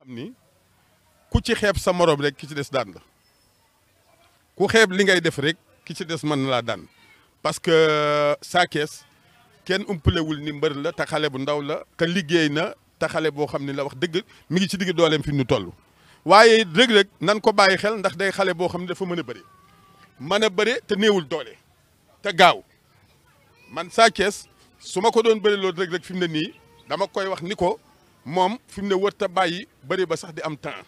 xam ni ku ci xeeb sa morom rek ki ci des daan la ku xeeb li ngay def rek ki ci des man na laa daan parce que euh, Sa Thiès kenn umpalewul ni mbër la te xale bu ndaw la te liggéey na te xale boo xam ne la wax dëgg mi ngi ci digg dooleem fi mu toll. waaye Reug Reug nan ko bàyyi xel ndax day xale boo xam ne dafa mën a bëri mën a bëri te néewul doole te gaaw man Sa su ma ko doon bëri loolu Reug Reug fi mu ne nii dama koy wax ni ko. moom fi mu ne wër ta bàyyi bëri ba sax di am temps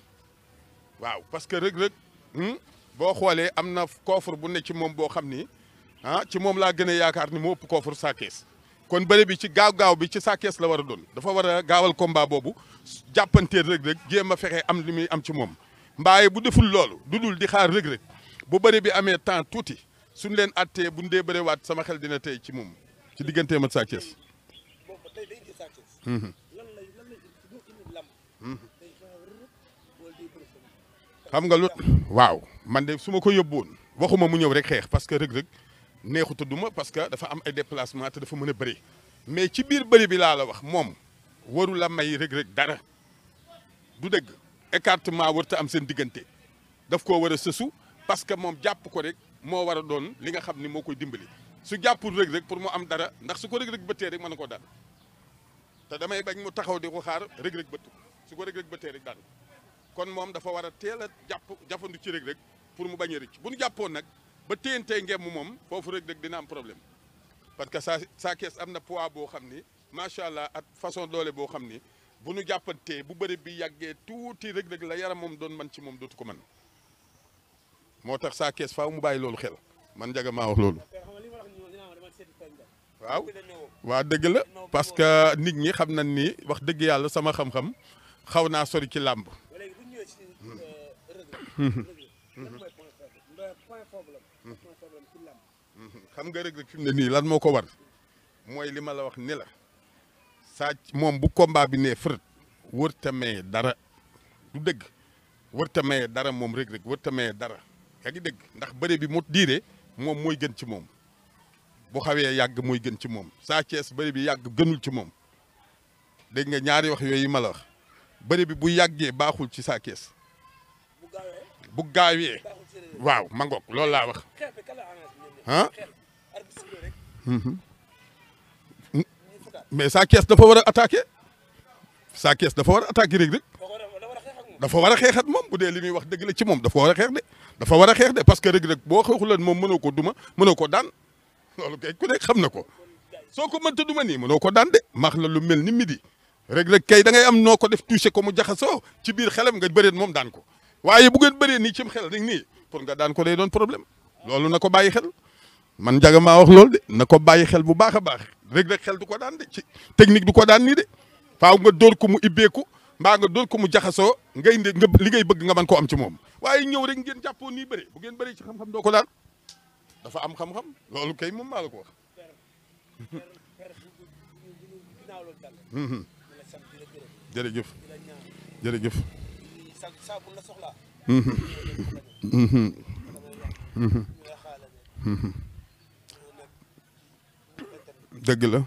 waaw parce que Reug Reug hmm, boo xoolee am na coffre bu ne ci moom boo xam ni ah ci moom laa gën a yaakaar ni mu ëpp coffre Sa Thiès kon bëri bi ci gaaw-gaaw bi ci Sa la war a doon dafa war a gaawal combat boobu jàppanteel Reug Reug jéem a fexe am li muy am ci moom mbaaye bu deful loolu du dul di xaar Reug Reug bu bëri bi amee temps tuuti suñ leen attee buñ dee bëriwaat sama xel dina tey ci moom ci digganteem ak Sa Thiès xam nga lu waaw man de su ma ko yóbbuwoon waxuma mu ñëw rek xeex parce que rëg-rëg neexu tudduma parce que dafa am ay déplacement te dafa mën a bëri mais ci biir bëri bi laa la wax moom waru la may rëg-rëg dara du dëgg écartement warta am seen diggante daf koo war a sësu parce que moom jàpp ko rek moo war a doon li nga xam ni moo koy dimbali su jàppul rëg-rëg pour mu am dara ndax su ko rëg-rëg bëttee rek mën na ko dara te damay bañ mu taxaw di ko xaar rëg-rëg su ko Reug Reug bëttee rek daan kon moom dafa war a teel a jàpp jafandu ci Reug Reug pour mu bañ rek rëcc bu ñu jàppoon nag ba téyantey ngeem moom foofu Reug Reug dina am problème parce que sa sa kees am na poids boo xam ni macha allah ak façon doole boo xam ni bu ñu jàppantee bu bëri bi yàggee tuuti Reug Reug la yaram moom doon man ci moom dootu ko mën moo tax saa kees faaw mu bàyyi loolu xel man njaga ma wax loolu waaw waa dëgg la parce que nit ñi xam na ni wax dëgg yàlla sama xam xaw naa sori ci làmb. xam nga rëg rek fi ne nii lan moo ko war mooy li ma la wax ni la saa moom bu combat bi nee fërët wërta maye dara du dëgg wërta maye dara moom rek rek wërta maye dara yaa dëgg ndax bëre bi mu diire moom mooy gën ci moom bu xawee yàgg mooy gën ci moom saa Cees bëre bi yàgg gënul ci moom dégg nga ñaari wax yooyu ma la wax bëri bi bu yàggee baaxul ci saa kees bu gaawee waaw ma ngoog loolu laa wax ah mais saa kees dafa war a attaqué saa dafa war a attaqué Reug Reug dafa war a xeex moom bu dee li muy wax dëgg la ci moom dafa war a xeex de dafa war a xeex de parce que Reug Reug boo xeexuloon moom mënoo ko duma mënoo ko daan loolu kay ku nekk xam na ko soo ko mënta duma nii mënoo ko daan de maax la lu mel ni midi. Reug Reug kay da ngay am noo ko def touché ko mu jaxasoo ci biir xelam nga bëreet moom daan ko waaye bu ngeen bëree nii cim xel rek nii pour nga daan ko day doon problème loolu na ko bàyyi xel man jaga maa wax loolu de na ko bàyyi xel bu baax a baax Reug Reug xel du ko daan de ci technique du ko daan nii de faaw nga dóor ko mu ibeeku mbaa nga dóor ko mu jaxasoo ngay indi nga li ngay bëgg nga mën ko am ci moom waaye ñëw rek ngeen jàppoo nii bëri bu ngeen bëri ci xam-xam doo ko daan dafa am xam loolu kay moom maa la ko jërëjëf jërëjëf. Mm-hmm. Mm-hmm. Mm-hmm. dëgg la.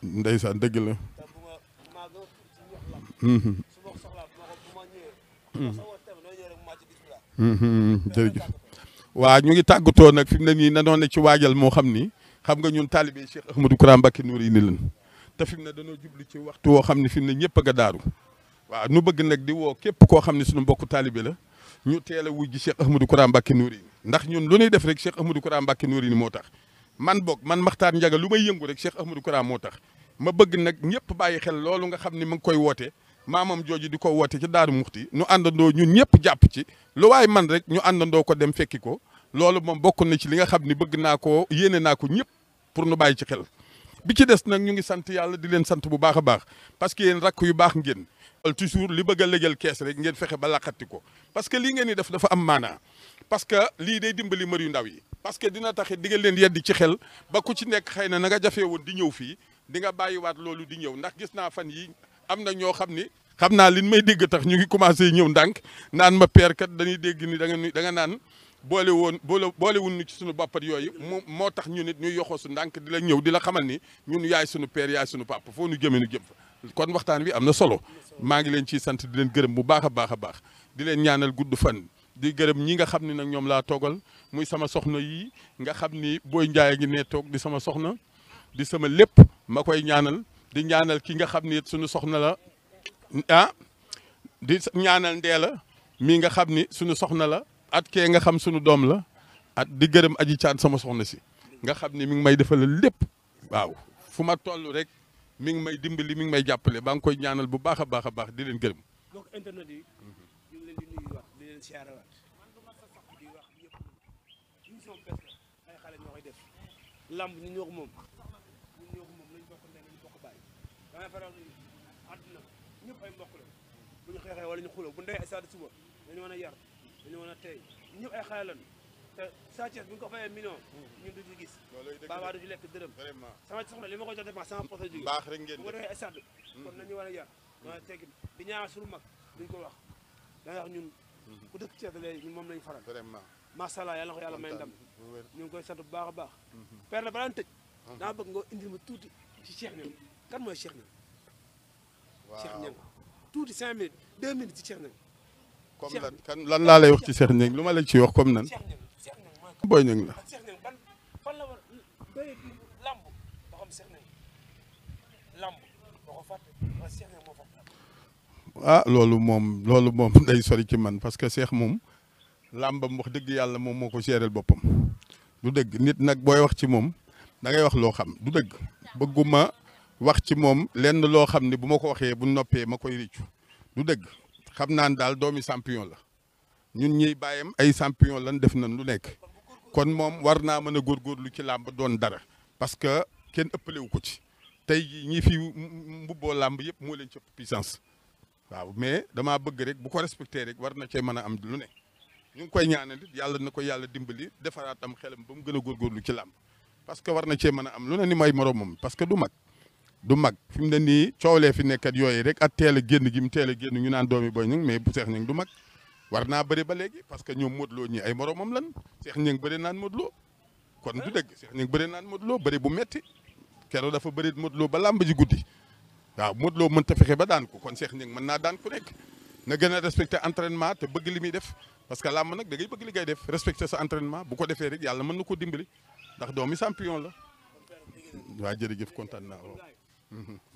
ndeysaan dëgg la. jërëjëf. waaw ñu ngi tàggatoo nag fi na ne nii na doon ne ci waajal moo xam ni xam nga ñun taalibe Cheikh Ahmadou Koura Mbacké nuur yi ni leen te fi mu ne dañoo jublu ci waxtu woo xam ne fi mu ne ñëpp a nga daaru waaw nu bëgg nag di woo képp koo xam ne suñu mbokku taalibe la ñu teel a wujji Cheikh Ahmadou Koura Mbacké nuur yi ndax lu ñuy def rek Cheikh Ahmadou Koura Mbacké nuur yi moo tax man boog man Makhtar Ndiaga lu may yëngu rek Cheikh Ahmadou Koura moo tax ma bëgg nag ñëpp bàyyi xel loolu nga xam ni ma ngi koy woote maam maamam jooju di ko woote ci Daaru Muxti ñu àndandoo ñun ñëpp jàpp ci lu waaye man rek ñu àndandoo ko dem fekki ko loolu moom bokk na ci li nga xam ni bëgg naa ko yéene naa ko ñëpp pour nu bàyyi ci xel bi ci des nag ñu ngi sant yàlla di leen sant bu baax a baax parce que yéen rakk yu baax ngeen toujours li bëgg a légal kees rek ngeen fexe ba laqati ko parce que lii ngeen di def dafa am maanaa parce que lii day dimbali mër yu ndaw yi parce que dina tax di nga leen yeddi ci xel ba ci nekk xëy na na jafee woon di ñëw fii di nga bàyyiwaat loolu di ñëw ndax gis naa fan yi am na ñoo xam ni xam naa li may dégg tax ñu ngi commencé ñëw ndànk naan ma père kat dañuy dégg ni da nga da naan boole woon boole boolewul ñu ci suñu bàppat yooyu moo moo tax ñu nit ñuy yoxoo su ndànk di la ñëw di la xamal ni ñun yaay suñu père yaay suñu papa foo ñu jëme nu jëm fa kon waxtaan wi am na solo maa ngi leen ciy sant di leen gërëm bu baax a baax a baax di leen ñaanal gudd fan di gërëm ñi nga xam ne nag ñoom laa toogal muy sama soxna yii nga xam ni booy njaay a ngi ne toog di sama soxna di sama lépp ma koy ñaanal di ñaanal ki nga xam ni suñu soxna la ah, di ñaanal ndee la mii nga xam ni suñu soxna la at kee nga xam suñu doom la at di gërëm aji caat sama soxna si nga xam ni mu ngi may defal lépp waaw fu ma toll rek mi ngi may dimbali mi ngi may jàppale ba nga koy ñaanal bu baax a baax a baax di leen gërëm. donc ay xale ñoo koy ñu ñoo ko damay faral di àdduna ñëpp ay mbokk la bu ñu xeexee wala ñu xuloo bu ndey ay saada suba dañu mën a yar dañu mën a tey ñëpp ay xale lañu te Sa Thiès bu ñu ko fayee million ñun du ñu gis baabaa du ci lekk dërëm vraiment sama soxna li ma ko jox dépense sama poche jóge baax rek ngeen bu ko defee ay saada kon nañu war a yar ma tegg di ñaar suñu mag duñ ko wax danga wax ñun ku dëkk Thiès léegi ñun moom lañu faral vraiment macha allah yàlla na ko yàlla may ndam ñu ngi koy sant bu baax a baax père na balaa tëj dama bëgg nga indil ma tuuti ci Cheikh ñoom kan mooy Cheikh Niang. waaw Cheikh Niang tuuti lan kan lan laa lay wax ci Cheikh Niang lu ma la ci wax comme nan. Boy Niang la. ah loolu moom loolu moom day sori ci man parce que Cheikh moom làmbam wax dëgg yàlla moom moo ko géréel boppam du dëgg nit nag booy wax ci moom dangay wax loo xam du dëgg bëgguma wax ci moom lenn loo xam ne bu ma ko waxee bu noppee ma koy riccu du dëgg xam naan daal doomi champion la ñun ñuy bàyyam ay champion lan def na lu nekk kon moom war naa mën a góorgóorlu ci làmb doon dara parce que kenn ëppalewu ko ci tey ñi fi mbubboo làmb yëpp moo leen ci puissance waaw mais damaa bëgg rek bu ko respecté rek war na cee mën a am lu ne ñu ngi koy ñaanal it yàlla na yàlla dimbali defaraatam xelam ba mu gën a góorgóorlu ci làmb parce que war na cee mën a am lu ne ni may moromam parce que du mag du mag fim mu ne nii coowlee fi nekkat yoy rek at teel genn gi mu teel a ñu naan doomi Boy Niang mais bu Cheikh ñing du mag warna naa ba legi parce que ñom modlo ñi ay moromam lan Cheikh ñing bëri naan modlo kon du deug Cheikh ñing bëri naan modlo Lo bu metti kero dafa modlo ba lamb ji guddi wa modlo mën ta fexé ba daan ko kon Cheikh ñing mën na daan ku na gëna entraînement te bëgg limi def parce que lamb nak da ngay bëgg li def respecté sa entraînement bu ko defee rek yalla mën nako dimbali ndax doomi champion la waa jërëjëf Mm-hmm.